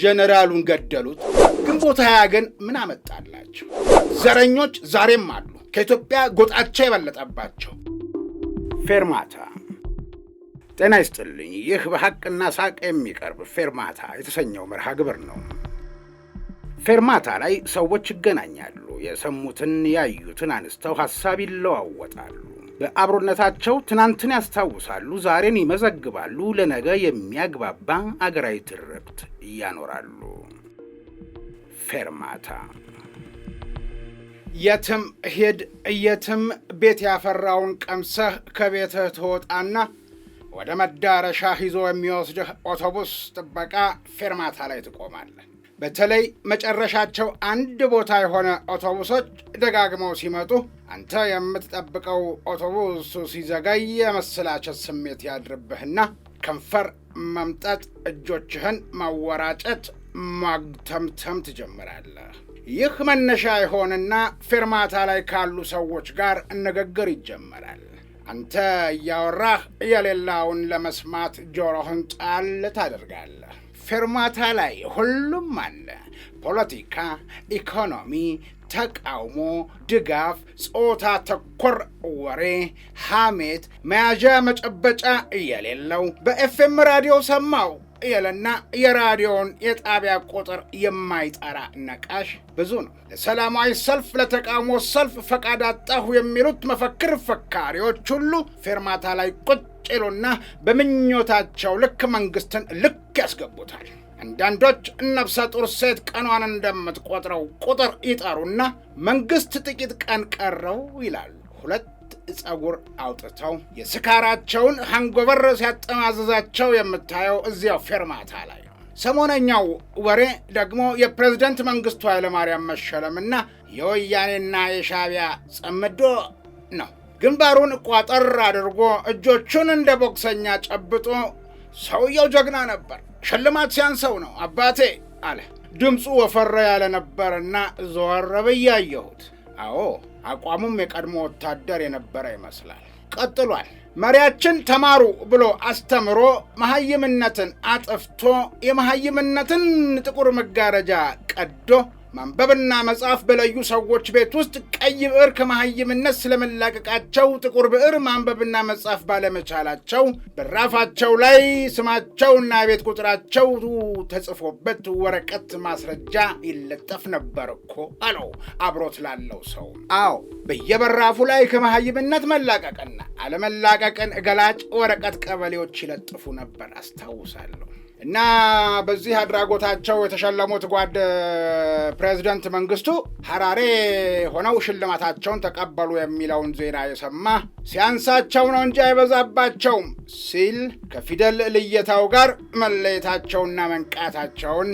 ጀነራሉን ገደሉት። ግንቦት ሃያ ግን ምን አመጣላቸው? ዘረኞች ዛሬም አሉ፣ ከኢትዮጵያ ጎጣቸው የበለጠባቸው። ፌርማታ ጤና ይስጥልኝ። ይህ በሐቅና ሳቅ የሚቀርብ ፌርማታ የተሰኘው መርሃ ግብር ነው። ፌርማታ ላይ ሰዎች ይገናኛሉ። የሰሙትን ያዩትን አንስተው ሐሳብ ይለዋወጣሉ። በአብሮነታቸው ትናንትን ያስታውሳሉ፣ ዛሬን ይመዘግባሉ፣ ለነገ የሚያግባባ አገራዊ ትርክት እያኖራሉ። ፌርማታ የትም ሄድ የትም ቤት ያፈራውን ቀምሰህ ከቤትህ ትወጣና ወደ መዳረሻ ይዞ የሚወስድህ አውቶቡስ ጥበቃ ፌርማታ ላይ ትቆማለህ። በተለይ መጨረሻቸው አንድ ቦታ የሆነ አውቶቡሶች ደጋግመው ሲመጡ አንተ የምትጠብቀው አውቶቡሱ ሲዘገይ የመሰላቸት ስሜት ያድርብህና ከንፈር መምጠጥ፣ እጆችህን ማወራጨት፣ ማግተምተም ትጀምራለህ። ይህ መነሻ ይሆንና ፌርማታ ላይ ካሉ ሰዎች ጋር ንግግር ይጀመራል። አንተ እያወራህ የሌላውን ለመስማት ጆሮህን ጣል ታደርጋለህ። ፌርማታ ላይ ሁሉም አለ። ፖለቲካ፣ ኢኮኖሚ፣ ተቃውሞ፣ ድጋፍ፣ ጾታ ተኮር ወሬ፣ ሐሜት፣ መያዣ መጨበጫ እየሌለው በኤፍኤም ራዲዮ ሰማው። የለና የራዲዮን የጣቢያ ቁጥር የማይጠራ ነቃሽ ብዙ ነው። ለሰላማዊ ሰልፍ፣ ለተቃውሞ ሰልፍ ፈቃድ አጣሁ የሚሉት መፈክር ፈካሪዎች ሁሉ ፌርማታ ላይ ቁጭ ይሉና በምኞታቸው ልክ መንግስትን ልክ ያስገቡታል። አንዳንዶች ነፍሰ ጡር ሴት ቀኗን እንደምትቆጥረው ቁጥር ይጠሩና መንግስት ጥቂት ቀን ቀረው ይላሉ። ሁለት ፀጉር አውጥተው የስካራቸውን ሃንጎበር ሲያጠማዘዛቸው የምታየው እዚያው ፌርማታ ላይ ነው። ሰሞነኛው ወሬ ደግሞ የፕሬዝደንት መንግስቱ ኃይለማርያም መሸለምና የወያኔና የሻቢያ ጽምዶ ነው። ግንባሩን ቋጠር አድርጎ እጆቹን እንደ ቦክሰኛ ጨብጦ ሰውየው ጀግና ነበር፣ ሽልማት ሲያንሰው ነው አባቴ አለ። ድምፁ ወፈረ ያለ ነበርና ዘወር ብዬ አየሁት። አዎ አቋሙም የቀድሞ ወታደር የነበረ ይመስላል። ቀጥሏል። መሪያችን ተማሩ ብሎ አስተምሮ መሐይምነትን አጥፍቶ የመሐይምነትን ጥቁር መጋረጃ ቀዶ ማንበብና መጻፍ በለዩ ሰዎች ቤት ውስጥ ቀይ ብዕር ከመሐይምነት ስለመላቀቃቸው፣ ጥቁር ብዕር ማንበብና መጻፍ ባለመቻላቸው በራፋቸው ላይ ስማቸውና ቤት ቁጥራቸው ተጽፎበት ወረቀት ማስረጃ ይለጠፍ ነበር እኮ አለው አብሮት ላለው ሰው። አዎ በየበራፉ ላይ ከመሐይምነት መላቀቅና አለመላቀቅን ገላጭ ወረቀት ቀበሌዎች ይለጥፉ ነበር አስታውሳለሁ። እና በዚህ አድራጎታቸው የተሸለሙት ጓድ ፕሬዚደንት መንግስቱ ሐራሬ ሆነው ሽልማታቸውን ተቀበሉ የሚለውን ዜና የሰማ ሲያንሳቸው ነው እንጂ አይበዛባቸውም ሲል ከፊደል ልየታው ጋር መለየታቸውና መንቃታቸውን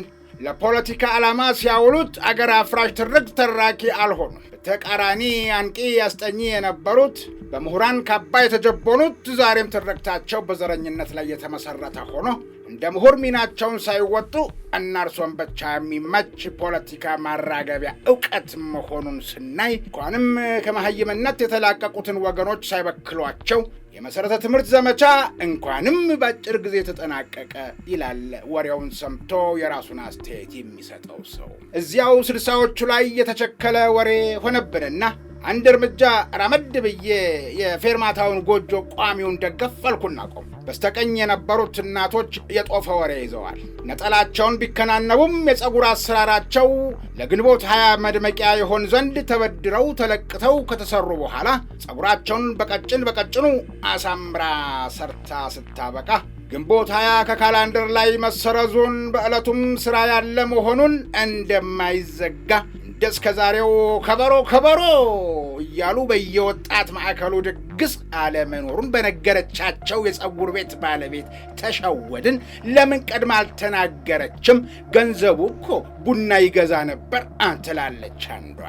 ለፖለቲካ ዓላማ ሲያውሉት አገር አፍራሽ ትርክ ተራኪ አልሆኑ። በተቃራኒ አንቂ ያስጠኚ የነበሩት በምሁራን ካባ የተጀቦኑት ዛሬም ትርክታቸው በዘረኝነት ላይ የተመሰረተ ሆኖ እንደ ምሁር ሚናቸውን ሳይወጡ እነርሶን ብቻ የሚመች ፖለቲካ ማራገቢያ እውቀት መሆኑን ስናይ እንኳንም ከመሀይምነት የተላቀቁትን ወገኖች ሳይበክሏቸው የመሰረተ ትምህርት ዘመቻ እንኳንም በአጭር ጊዜ ተጠናቀቀ ይላል ወሬውን ሰምቶ የራሱን አስተያየት የሚሰጠው ሰው። እዚያው ስልሳዎቹ ላይ የተቸከለ ወሬ ሆነብንና አንድ እርምጃ ራመድ ብዬ የፌርማታውን ጎጆ ቋሚውን ደገፍ አልኩና ቆም በስተቀኝ የነበሩት እናቶች የጦፈ ወሬ ይዘዋል። ነጠላቸውን ቢከናነቡም የፀጉር አሰራራቸው ለግንቦት ሀያ መድመቂያ ይሆን ዘንድ ተበድረው ተለቅተው ከተሰሩ በኋላ ፀጉራቸውን በቀጭን በቀጭኑ አሳምራ ሰርታ ስታበቃ ግንቦት ሀያ ከካላንደር ላይ መሰረዙን በዕለቱም ሥራ ያለ መሆኑን እንደማይዘጋ ደስ ከዛሬው ከበሮ ከበሮ እያሉ በየወጣት ማዕከሉ ድግስ አለመኖሩን በነገረቻቸው የፀጉር ቤት ባለቤት ተሸወድን። ለምን ቀድማ አልተናገረችም? ገንዘቡ እኮ ቡና ይገዛ ነበር ትላለች አንዷ።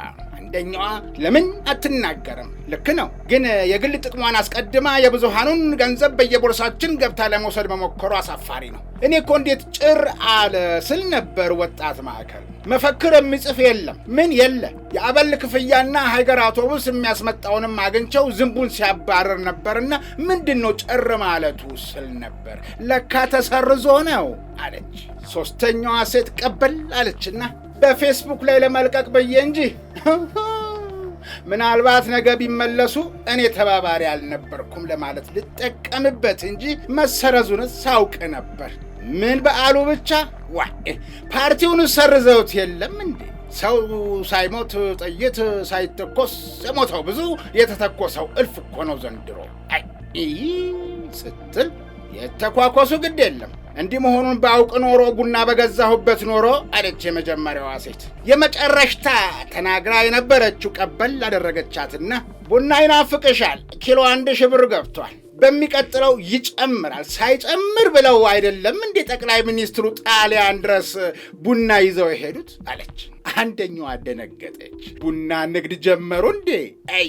ጓደኛዋ ለምን አትናገርም? ልክ ነው። ግን የግል ጥቅሟን አስቀድማ የብዙሃኑን ገንዘብ በየቦርሳችን ገብታ ለመውሰድ መሞከሩ አሳፋሪ ነው። እኔ እኮ እንዴት ጭር አለ ስል ነበር። ወጣት ማዕከል መፈክር የሚጽፍ የለም ምን የለ። የአበል ክፍያና ሀይገር አውቶቡስ የሚያስመጣውንም አግኝቸው ዝንቡን ሲያባረር ነበርና ምንድን ነው ጭር ማለቱ ስል ነበር። ለካ ተሰርዞ ነው አለች። ሶስተኛዋ ሴት ቀበል አለችና በፌስቡክ ላይ ለመልቀቅ ብዬ እንጂ ምናልባት ነገ ቢመለሱ እኔ ተባባሪ አልነበርኩም ለማለት ልጠቀምበት እንጂ መሰረዙን ሳውቅ ነበር። ምን በዓሉ ብቻ ዋ ፓርቲውን ሰርዘውት የለም እንዴ? ሰው ሳይሞት ጥይት ሳይተኮስ የሞተው ብዙ የተተኮሰው እልፍ እኮ ነው ዘንድሮ። አይ ስትል የተኳኮሱ ግድ የለም እንዲህ መሆኑን ባውቅ ኖሮ ቡና በገዛሁበት ኖሮ አለች የመጀመሪያዋ ሴት። የመጨረሽታ ተናግራ የነበረችው ቀበል አደረገቻትና ቡና ይናፍቅሻል፣ ኪሎ አንድ ሺህ ብር ገብቷል፣ በሚቀጥለው ይጨምራል። ሳይጨምር ብለው አይደለም እንዴ ጠቅላይ ሚኒስትሩ ጣሊያን ድረስ ቡና ይዘው የሄዱት አለች። አንደኛዋ ደነገጠች። ቡና ንግድ ጀመሩ እንዴ? አይ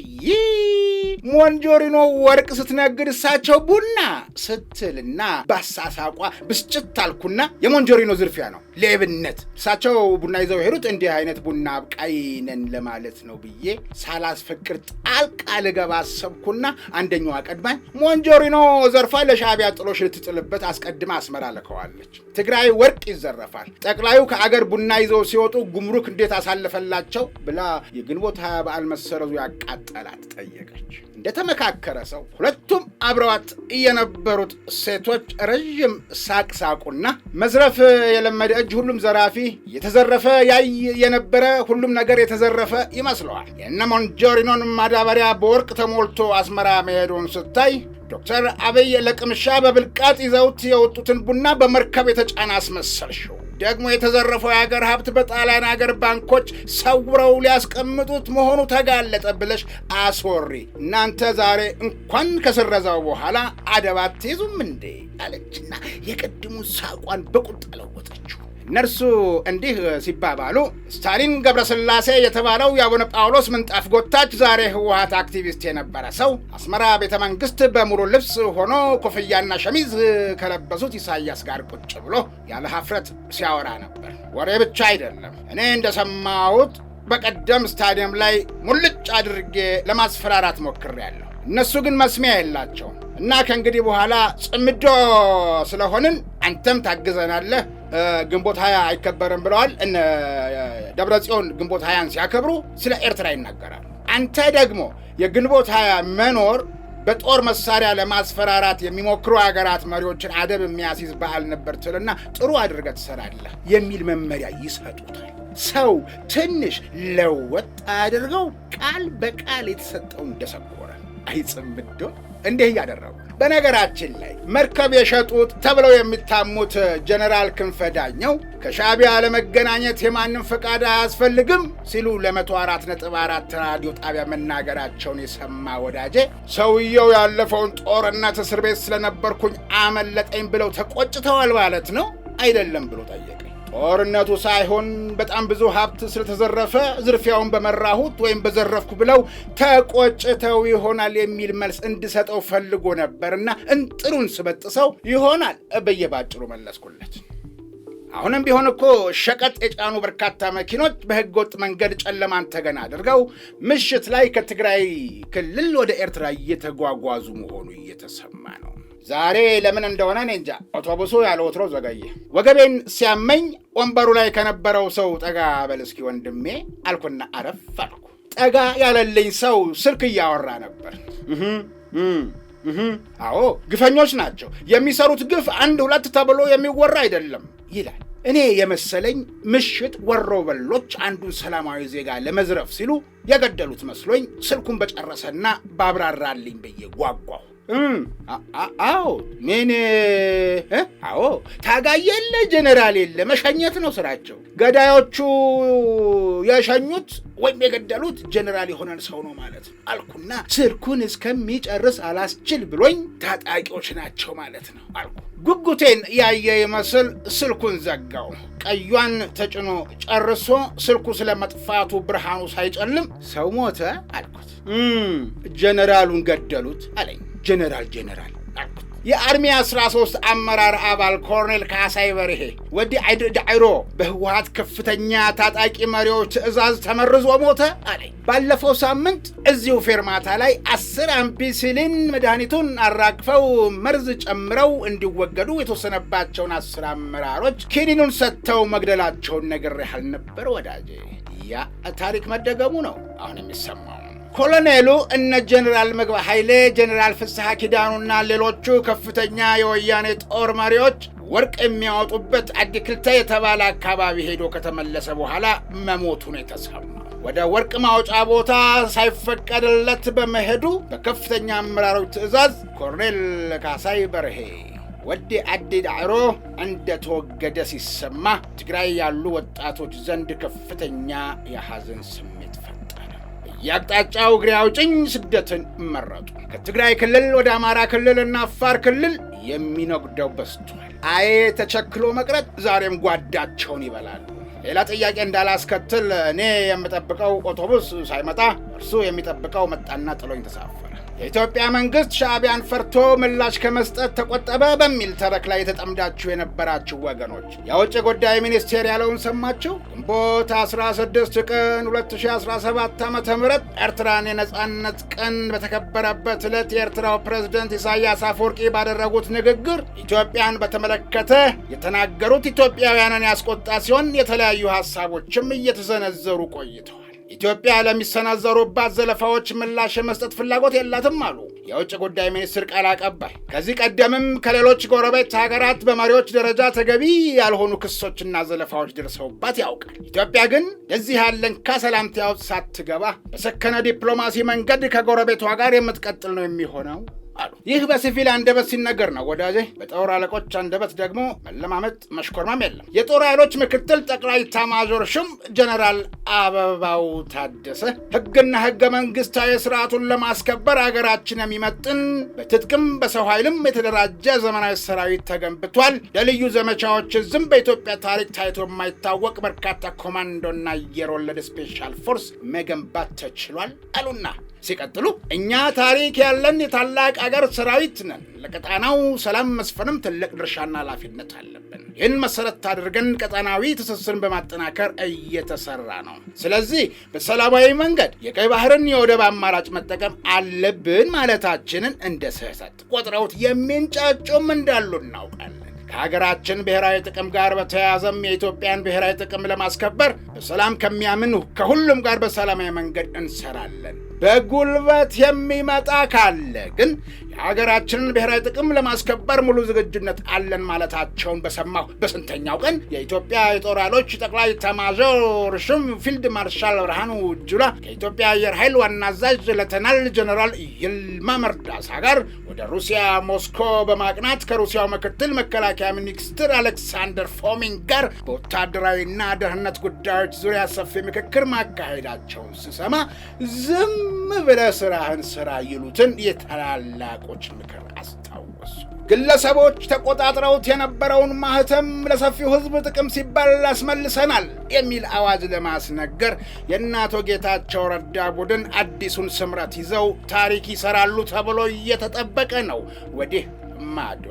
ሞንጆሪኖ ወርቅ ስትነግድ እሳቸው ቡና ስትልና ባሳሳቋ ብስጭት አልኩና የሞንጆሪኖ ዝርፊያ ነው። ሌብነት እሳቸው ቡና ይዘው ሄዱት እንዲህ አይነት ቡና አብቃይ ነን ለማለት ነው ብዬ ሳላስፈቅድ ጣልቃ ልገባ አሰብኩና አንደኛዋ ቀድማኝ ሞንጆሪኖ ዘርፋ ለሻቢያ ጥሎሽ ልትጥልበት አስቀድማ አስመራ ልከዋለች። ትግራይ ወርቅ ይዘረፋል፣ ጠቅላዩ ከአገር ቡና ይዘው ሲወጡ ጉምሩክ እንዴት አሳልፈላቸው ብላ የግንቦት ሀያ በዓል መሰረዙ ያቃጠላት ጠየቀች። እንደተመካከረ ሰው ሁለቱም አብረዋት የነበሩት ሴቶች ረዥም ሳቅ ሳቁና መዝረፍ የለመደ እጅ እጅ ሁሉም ዘራፊ የተዘረፈ ያይ የነበረ ሁሉም ነገር የተዘረፈ ይመስለዋል። የነ ሞንጆሪኖን ማዳበሪያ በወርቅ ተሞልቶ አስመራ መሄዱን ስታይ ዶክተር አብይ ለቅምሻ በብልቃጥ ይዘውት የወጡትን ቡና በመርከብ የተጫነ አስመሰልሽው። ደግሞ የተዘረፈው የአገር ሀብት በጣሊያን አገር ባንኮች ሰውረው ሊያስቀምጡት መሆኑ ተጋለጠ ብለሽ አስወሪ። እናንተ ዛሬ እንኳን ከስረዛው በኋላ አደባ አትይዙም እንዴ? አለችና የቀድሙን ሳቋን በቁጣ ለወጠችው። እነርሱ እንዲህ ሲባባሉ ስታሊን ገብረስላሴ የተባለው የአቡነ ጳውሎስ ምንጣፍ ጎታች ዛሬ ህወሀት አክቲቪስት የነበረ ሰው አስመራ ቤተ መንግስት በሙሉ ልብስ ሆኖ ኮፍያና ሸሚዝ ከለበሱት ኢሳያስ ጋር ቁጭ ብሎ ያለ ሀፍረት ሲያወራ ነበር። ወሬ ብቻ አይደለም። እኔ እንደሰማሁት በቀደም ስታዲየም ላይ ሙልጭ አድርጌ ለማስፈራራት ሞክሬያለሁ። እነሱ ግን መስሚያ የላቸውም እና ከእንግዲህ በኋላ ጽምዶ ስለሆንን አንተም ታግዘናለህ ግንቦት ሀያ አይከበርም ብለዋል። እነ ደብረ ጽዮን ግንቦት ሀያን ሲያከብሩ ስለ ኤርትራ ይናገራል። አንተ ደግሞ የግንቦት ሀያ መኖር በጦር መሳሪያ ለማስፈራራት የሚሞክሩ ሀገራት መሪዎችን አደብ የሚያስይዝ በዓል ነበር ትልና ጥሩ አድርገ ትሰራለህ የሚል መመሪያ ይሰጡታል። ሰው ትንሽ ለወጥ አድርገው ቃል በቃል የተሰጠውን እንደሰኮረ አይጽምዶ እንዲህ እያደረጉ በነገራችን ላይ መርከብ የሸጡት ተብለው የሚታሙት ጀነራል ክንፈ ዳኘው ለመገናኘት የማንም ፈቃድ አያስፈልግም ሲሉ ለ ነ4 ራዲዮ ጣቢያ መናገራቸውን የሰማ ወዳጄ ሰውየው ያለፈውን ጦርነት እስር ቤት ስለነበርኩኝ አመለጠኝ ብለው ተቆጭተዋል ማለት ነው አይደለም ብሎ ጠየቀ። ጦርነቱ ሳይሆን በጣም ብዙ ሀብት ስለተዘረፈ ዝርፊያውን በመራሁት ወይም በዘረፍኩ ብለው ተቆጭተው ይሆናል የሚል መልስ እንድሰጠው ፈልጎ ነበር እና እንጥሩን ስበጥሰው ይሆናል ብዬ ባጭሩ መለስኩለት። አሁንም ቢሆን እኮ ሸቀጥ የጫኑ በርካታ መኪኖች በህገወጥ መንገድ ጨለማን ተገና አድርገው ምሽት ላይ ከትግራይ ክልል ወደ ኤርትራ እየተጓጓዙ መሆኑ እየተሰማ ነው። ዛሬ ለምን እንደሆነ እኔ እንጃ፣ አውቶቡሱ ያለ ወትሮ ዘገየ። ወገቤን ሲያመኝ ወንበሩ ላይ ከነበረው ሰው ጠጋ በል እስኪ ወንድሜ አልኩና አረፍ አልኩ። ጠጋ ያለልኝ ሰው ስልክ እያወራ ነበር። አዎ ግፈኞች ናቸው የሚሰሩት ግፍ አንድ ሁለት ተብሎ የሚወራ አይደለም ይላል። እኔ የመሰለኝ ምሽት ወሮ በሎች አንዱን ሰላማዊ ዜጋ ለመዝረፍ ሲሉ የገደሉት መስሎኝ ስልኩን በጨረሰና ባብራራልኝ ብዬ ጓጓሁ። አዎ ሜን አዎ ታጋይ የለ ጀነራል የለ መሸኘት ነው ስራቸው። ገዳዮቹ የሸኙት ወይም የገደሉት ጀነራል የሆነን ሰው ነው ማለት ነው አልኩና ስልኩን እስከሚጨርስ አላስችል ብሎኝ ታጣቂዎች ናቸው ማለት ነው አልኩ። ጉጉቴን ያየ ይመስል ስልኩን ዘጋው። ቀዩን ተጭኖ ጨርሶ ስልኩ ስለመጥፋቱ ብርሃኑ ሳይጨልም ሰው ሞተ አልኩት። ጀነራሉን ገደሉት አለኝ። ጀነራል ጀነራል የአርሚ 13 አመራር አባል ኮርኔል ካሳይ በርሄ ወዲ ዳዕሮ በህወሀት ከፍተኛ ታጣቂ መሪዎች ትዕዛዝ ተመርዞ ሞተ አለ። ባለፈው ሳምንት እዚሁ ፌርማታ ላይ አስር አምፒሲሊን መድኃኒቱን አራግፈው መርዝ ጨምረው እንዲወገዱ የተወሰነባቸውን አስር አመራሮች ኪኒኑን ሰጥተው መግደላቸውን ያህል ነበር። ወዳጄ? ያ ታሪክ መደገሙ ነው አሁን የሚሰማው። ኮሎኔሉ እነ ጀኔራል ምግባ ኃይሌ፣ ጀኔራል ፍስሐ ኪዳኑና ሌሎቹ ከፍተኛ የወያኔ ጦር መሪዎች ወርቅ የሚያወጡበት አዲክልተ የተባለ አካባቢ ሄዶ ከተመለሰ በኋላ መሞቱን የተሰማ። ወደ ወርቅ ማውጫ ቦታ ሳይፈቀድለት በመሄዱ በከፍተኛ አመራሮች ትዕዛዝ ኮሎኔል ካሳይ በርሄ ወዲ አዲ ዳዕሮ እንደተወገደ ሲሰማ ትግራይ ያሉ ወጣቶች ዘንድ ከፍተኛ የሐዘን ስሜት ፈ የአቅጣጫው እግሬ አውጭኝ ስደትን መረጡ። ከትግራይ ክልል ወደ አማራ ክልልና አፋር ክልል የሚነጉደው በስቷል። አዬ ተቸክሎ መቅረት ዛሬም ጓዳቸውን ይበላሉ። ሌላ ጥያቄ እንዳላስከትል እኔ የምጠብቀው አውቶቡስ ሳይመጣ እርሱ የሚጠብቀው መጣና ጥሎኝ ተሳፈረ። የኢትዮጵያ መንግስት ሻዕቢያን ፈርቶ ምላሽ ከመስጠት ተቆጠበ በሚል ተረክ ላይ የተጠምዳችሁ የነበራችሁ ወገኖች የውጭ ጉዳይ ሚኒስቴር ያለውን ሰማችሁ? ግንቦት 16 ቀን 2017 ዓ ም ኤርትራን የነፃነት ቀን በተከበረበት ዕለት የኤርትራው ፕሬዝደንት ኢሳያስ አፈወርቂ ባደረጉት ንግግር ኢትዮጵያን በተመለከተ የተናገሩት ኢትዮጵያውያንን ያስቆጣ ሲሆን የተለያዩ ሀሳቦችም እየተዘነዘሩ ቆይተዋል። ኢትዮጵያ ለሚሰናዘሩባት ዘለፋዎች ምላሽ የመስጠት ፍላጎት የላትም አሉ የውጭ ጉዳይ ሚኒስትር ቃል አቀባይ። ከዚህ ቀደምም ከሌሎች ጎረቤት ሀገራት በመሪዎች ደረጃ ተገቢ ያልሆኑ ክሶችና ዘለፋዎች ደርሰውባት ያውቃል። ኢትዮጵያ ግን የዚህ ያለን ከሰላምታው ሳትገባ በሰከነ ዲፕሎማሲ መንገድ ከጎረቤቷ ጋር የምትቀጥል ነው የሚሆነው አሉ። ይህ በሲቪል አንደበት ሲነገር ነው ወዳጄ። በጦር አለቆች አንደበት ደግሞ መለማመጥ መሽኮርማም የለም። የጦር ኃይሎች ምክትል ጠቅላይ ኤታማዦር ሹም ጀነራል አበባው ታደሰ ህግና ህገ መንግስታዊ ስርዓቱን ለማስከበር አገራችን የሚመጥን በትጥቅም በሰው ኃይልም የተደራጀ ዘመናዊ ሰራዊት ተገንብቷል። ለልዩ ዘመቻዎች ዝም በኢትዮጵያ ታሪክ ታይቶ የማይታወቅ በርካታ ኮማንዶና አየር ወለድ ስፔሻል ፎርስ መገንባት ተችሏል አሉና ሲቀጥሉ እኛ ታሪክ ያለን የታላቅ አገር ሰራዊት ነን። ለቀጣናው ሰላም መስፈንም ትልቅ ድርሻና ኃላፊነት አለብን። ይህን መሰረት አድርገን ቀጣናዊ ትስስርን በማጠናከር እየተሰራ ነው። ስለዚህ በሰላማዊ መንገድ የቀይ ባህርን የወደብ አማራጭ መጠቀም አለብን ማለታችንን እንደ ስህተት ቆጥረውት የሚንጫጩም እንዳሉ እናውቃለን። ከሀገራችን ብሔራዊ ጥቅም ጋር በተያያዘም የኢትዮጵያን ብሔራዊ ጥቅም ለማስከበር በሰላም ከሚያምን ከሁሉም ጋር በሰላማዊ መንገድ እንሰራለን። በጉልበት የሚመጣ ካለ ግን ሀገራችንን ብሔራዊ ጥቅም ለማስከበር ሙሉ ዝግጁነት አለን ማለታቸውን በሰማሁ በስንተኛው ቀን የኢትዮጵያ የጦር ኃይሎች ጠቅላይ ኤታማዦር ሹም ፊልድ ማርሻል ብርሃኑ ጁላ ከኢትዮጵያ አየር ኃይል ዋና አዛዥ ሌተናል ጀኔራል ይልማ መርዳሳ ጋር ወደ ሩሲያ ሞስኮ በማቅናት ከሩሲያው ምክትል መከላከያ ሚኒስትር አሌክሳንደር ፎሚን ጋር በወታደራዊና ደህንነት ጉዳዮች ዙሪያ ሰፊ ምክክር ማካሄዳቸውን ስሰማ ዝም ብለህ ስራህን ስራ ይሉትን የተላላቁ የአለቆች ምክር አስታወሱ። ግለሰቦች ተቆጣጥረውት የነበረውን ማህተም ለሰፊው ህዝብ ጥቅም ሲባል አስመልሰናል የሚል አዋጅ ለማስነገር የእናቶ ጌታቸው ረዳ ቡድን አዲሱን ስምረት ይዘው ታሪክ ይሰራሉ ተብሎ እየተጠበቀ ነው። ወዲህ ማዶ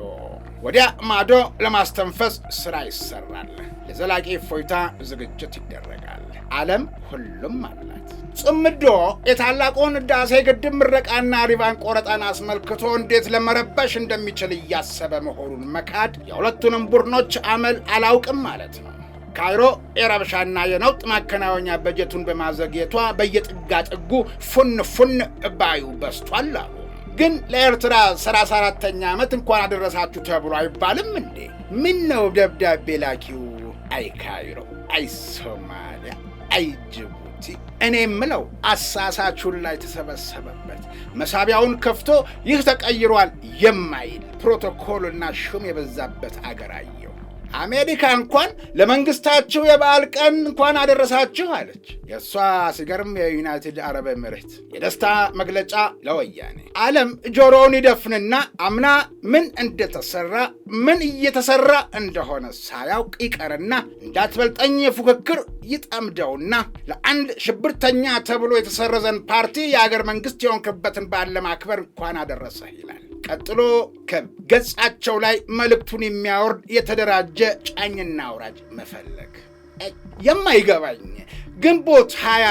ወዲያ ማዶ ለማስተንፈስ ስራ ይሰራል። ለዘላቂ እፎይታ ዝግጅት ይደረጋል። ዓለም ሁሉም አላት። ጽምዶ የታላቁን ህዳሴ ግድብ ምረቃና ሪባን ቆረጣን አስመልክቶ እንዴት ለመረበሽ እንደሚችል እያሰበ መሆኑን መካድ የሁለቱንም ቡድኖች አመል አላውቅም ማለት ነው። ካይሮ የረብሻና የነውጥ ማከናወኛ በጀቱን በማዘግየቷ በየጥጋ ጥጉ ፉን ፉን ባዩ በስቷል አሉ። ግን ለኤርትራ ሰላሳ አራተኛ ዓመት እንኳን አደረሳችሁ ተብሎ አይባልም እንዴ? ምን ነው ደብዳቤ ላኪው? አይ ካይሮ፣ አይ ሶማሊያ፣ አይ ጅቡቲ። እኔ የምለው አሳሳቹን ላይ ተሰበሰበበት መሳቢያውን ከፍቶ ይህ ተቀይሯል የማይል ፕሮቶኮልና ሹም የበዛበት አገር አየ። አሜሪካ እንኳን ለመንግስታችሁ የበዓል ቀን እንኳን አደረሳችሁ አለች። የእሷ ሲገርም የዩናይትድ አረብ ኤምሬት የደስታ መግለጫ ለወያኔ ዓለም ጆሮውን ይደፍንና አምና ምን እንደተሰራ ምን እየተሰራ እንደሆነ ሳያውቅ ይቀርና እንዳትበልጠኝ ፉክክር ይጠምደውና ለአንድ ሽብርተኛ ተብሎ የተሰረዘን ፓርቲ የአገር መንግስት የሆንክበትን በዓል ለማክበር እንኳን አደረሰህ ይላል። ቀጥሎ መረከብ፣ ገጻቸው ላይ መልእክቱን የሚያወርድ የተደራጀ ጫኝና አውራጅ መፈለግ። የማይገባኝ ግንቦት ሀያ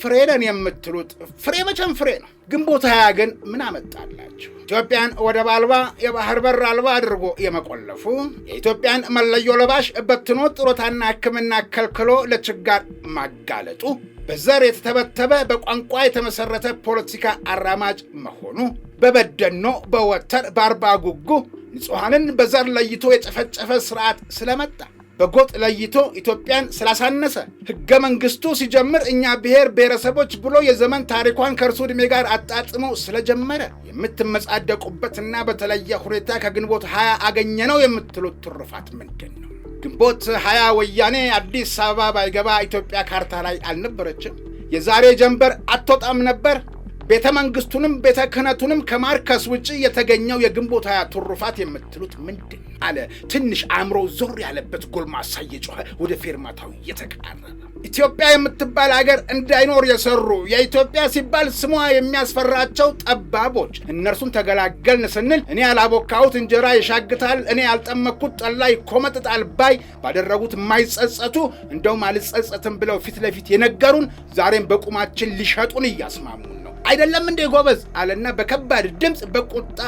ፍሬ ነን የምትሉት ፍሬ መቼም ፍሬ ነው። ግንቦት ያገን ግን ምን አመጣላችሁ? ኢትዮጵያን ወደብ አልባ የባህር በር አልባ አድርጎ የመቆለፉ የኢትዮጵያን መለዮ ለባሽ በትኖ ጥሮታና ሕክምና ከልክሎ ለችጋር ማጋለጡ በዘር የተተበተበ በቋንቋ የተመሰረተ ፖለቲካ አራማጅ መሆኑ በበደኖ በወተር በአርባ ጉጉ ንጹሐንን በዘር ለይቶ የጨፈጨፈ ስርዓት ስለመጣ በጎጥ ለይቶ ኢትዮጵያን ስላሳነሰ ህገ መንግስቱ ሲጀምር እኛ ብሔር ብሔረሰቦች ብሎ የዘመን ታሪኳን ከእርሱ ዕድሜ ጋር አጣጥሞ ስለጀመረ የምትመጻደቁበትና በተለየ ሁኔታ ከግንቦት ሀያ አገኘ ነው የምትሉት ትሩፋት ምንድን ነው? ግንቦት ሀያ ወያኔ አዲስ አበባ ባይገባ ኢትዮጵያ ካርታ ላይ አልነበረችም? የዛሬ ጀንበር አትወጣም ነበር? ቤተ መንግስቱንም ቤተ ክህነቱንም ከማርከስ ውጭ የተገኘው የግንቦት ሃያ ትሩፋት የምትሉት ምንድን አለ? ትንሽ አእምሮ ዞር ያለበት ጎልማሳ እየጮኸ ወደ ፌርማታው እየተቃረበ ኢትዮጵያ የምትባል አገር እንዳይኖር የሰሩ የኢትዮጵያ ሲባል ስሟ የሚያስፈራቸው ጠባቦች እነርሱን ተገላገልን ስንል እኔ ያላቦካሁት እንጀራ ይሻግታል፣ እኔ ያልጠመኩት ጠላ ይኮመጥጣል ባይ ባደረጉት የማይጸጸቱ እንደውም አልጸጸትም ብለው ፊት ለፊት የነገሩን ዛሬም በቁማችን ሊሸጡን እያስማሙ አይደለም እንዴ ጎበዝ አለና በከባድ ድምፅ በቁጣ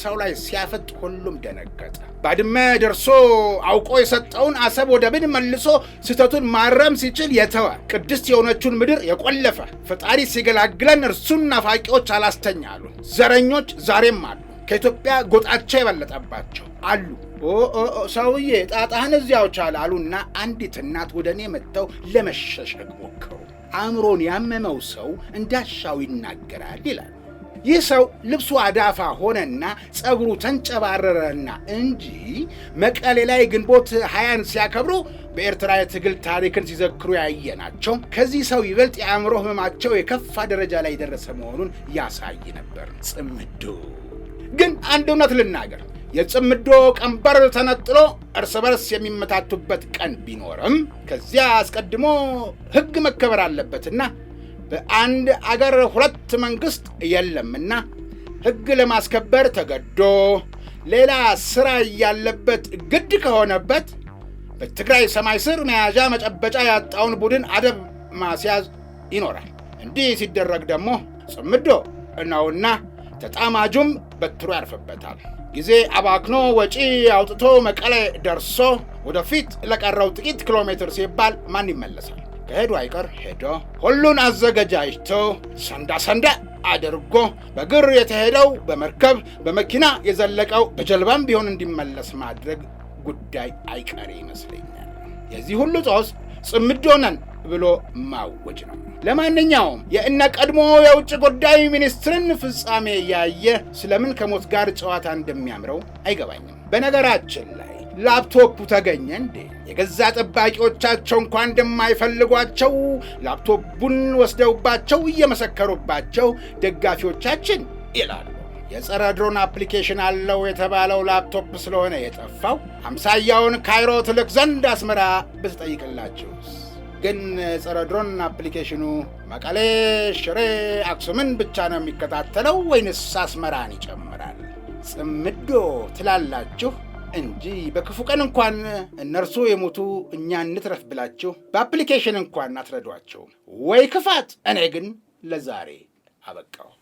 ሰው ላይ ሲያፈጥ ሁሉም ደነገጠ። ባድመ ደርሶ አውቆ የሰጠውን አሰብ ወደብን መልሶ ስህተቱን ማረም ሲችል የተዋ ቅድስት የሆነችውን ምድር የቆለፈ ፈጣሪ ሲገላግለን እርሱን ናፋቂዎች አላስተኛ አሉ። ዘረኞች ዛሬም አሉ። ከኢትዮጵያ ጎጣቸው የበለጠባቸው አሉ። ሰውዬ ጣጣህን እዚያው ቻል አሉና አንዲት እናት ወደ እኔ መጥተው ለመሸሸግ ሞከሩ። አእምሮን ያመመው ሰው እንዳሻው ይናገራል ይላል። ይህ ሰው ልብሱ አዳፋ ሆነና ጸጉሩ ተንጨባረረና እንጂ መቀሌ ላይ ግንቦት ሀያን ሲያከብሩ በኤርትራ የትግል ታሪክን ሲዘክሩ ያየ ናቸው። ከዚህ ሰው ይበልጥ የአእምሮ ህመማቸው የከፋ ደረጃ ላይ የደረሰ መሆኑን ያሳይ ነበር። ጽምዱ ግን አንድ እውነት ልናገር የጽምዶ ቀንበር ተነጥሎ እርስ በርስ የሚመታቱበት ቀን ቢኖርም ከዚያ አስቀድሞ ሕግ መከበር አለበትና በአንድ አገር ሁለት መንግሥት የለምና ሕግ ለማስከበር ተገዶ ሌላ ሥራ ያለበት ግድ ከሆነበት በትግራይ ሰማይ ስር መያዣ መጨበጫ ያጣውን ቡድን አደብ ማስያዝ ይኖራል። እንዲህ ሲደረግ ደግሞ ጽምዶ ነውና ተጣማጁም በትሮ ያርፍበታል። ጊዜ አባክኖ ወጪ አውጥቶ መቀሌ ደርሶ ወደፊት ለቀረው ጥቂት ኪሎ ሜትር ሲባል ማን ይመለሳል? ከሄዱ አይቀር ሄዶ ሁሉን አዘገጃጅቶ ሰንዳ ሰንዳ አድርጎ በግር የተሄደው በመርከብ በመኪና የዘለቀው በጀልባም ቢሆን እንዲመለስ ማድረግ ጉዳይ አይቀሬ ይመስለኛል። የዚህ ሁሉ ጦስ ጽምዶነን ብሎ ማወጅ ነው። ለማንኛውም የእነ ቀድሞ የውጭ ጉዳይ ሚኒስትርን ፍጻሜ ያየ ስለምን ከሞት ጋር ጨዋታ እንደሚያምረው አይገባኝም። በነገራችን ላይ ላፕቶፑ ተገኘ እንዴ? የገዛ ጠባቂዎቻቸው እንኳ እንደማይፈልጓቸው ላፕቶፑን ወስደውባቸው እየመሰከሩባቸው ደጋፊዎቻችን ይላሉ። የጸረ ድሮን አፕሊኬሽን አለው የተባለው ላፕቶፕ ስለሆነ የጠፋው አምሳያውን ካይሮ ትልቅ ዘንድ አስመራ ብትጠይቅላችሁ ግን ጸረ ድሮን አፕሊኬሽኑ መቀሌ፣ ሽሬ፣ አክሱምን ብቻ ነው የሚከታተለው ወይንስ አስመራን ይጨምራል? ጽምዶ ትላላችሁ እንጂ በክፉ ቀን እንኳን እነርሱ የሞቱ እኛ እንትረፍ ብላችሁ በአፕሊኬሽን እንኳን አትረዷቸውም ወይ ክፋት! እኔ ግን ለዛሬ አበቃው።